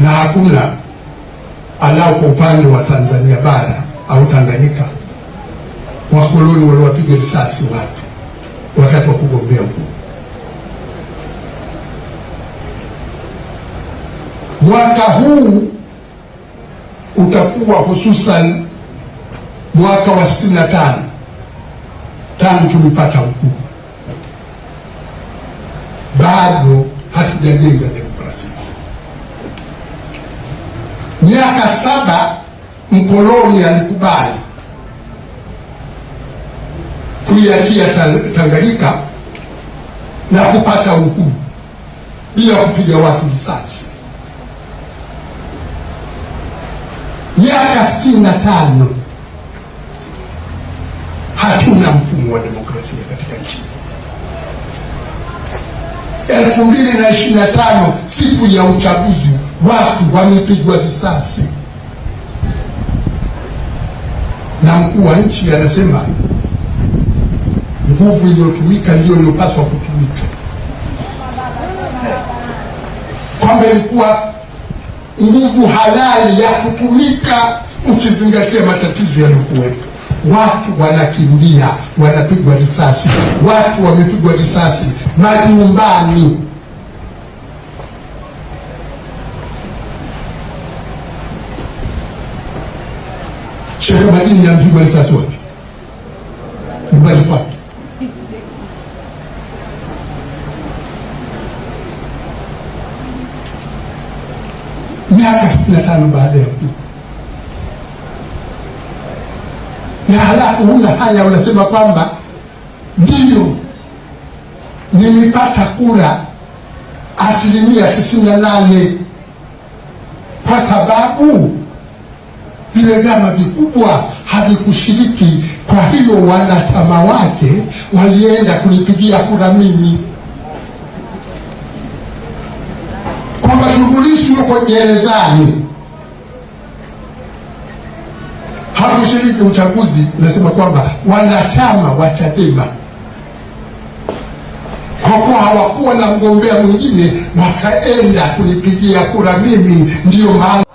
na hakuna anao kwa upande wa Tanzania bara au Tanganyika wakoloni waliwapiga risasi watu wakati wa kugombea huko mwaka huu utakuwa hususan mwaka wa sitini na tano tangu tumepata uhuru, bado hatujajenga miaka saba mkoloni alikubali kuiachia Tanganyika na kupata uhuru bila kupiga watu risasi. Miaka sitini na tano hatuna mfumo wa demokrasia katika nchi. Elfu mbili na ishirini na tano siku ya uchaguzi watu wamepigwa risasi, na mkuu wa nchi anasema nguvu iliyotumika ndiyo iliyopaswa kutumika, kwamba ilikuwa nguvu halali ya kutumika ukizingatia matatizo yaliyokuwepo. Watu wanakimbia, wanapigwa risasi, watu wamepigwa risasi majumbani. Shehe Majini alipigwa sa wapi? Nyumbani kwake. Miaka sitini na tano baada ya ku na halafu huna haya, unasema kwamba ndiyo nilipata kura asilimia tisini na nane kwa sababu vile vyama vikubwa havikushiriki. Kwa hiyo wanachama wake walienda kunipigia kura mimi kwamba Tundu Lissu yuko gerezani, hakushiriki uchaguzi. Nasema kwamba wanachama wa Chadema kwa kuwa hawakuwa na mgombea mwingine, wakaenda kunipigia kura mimi, ndiyo maana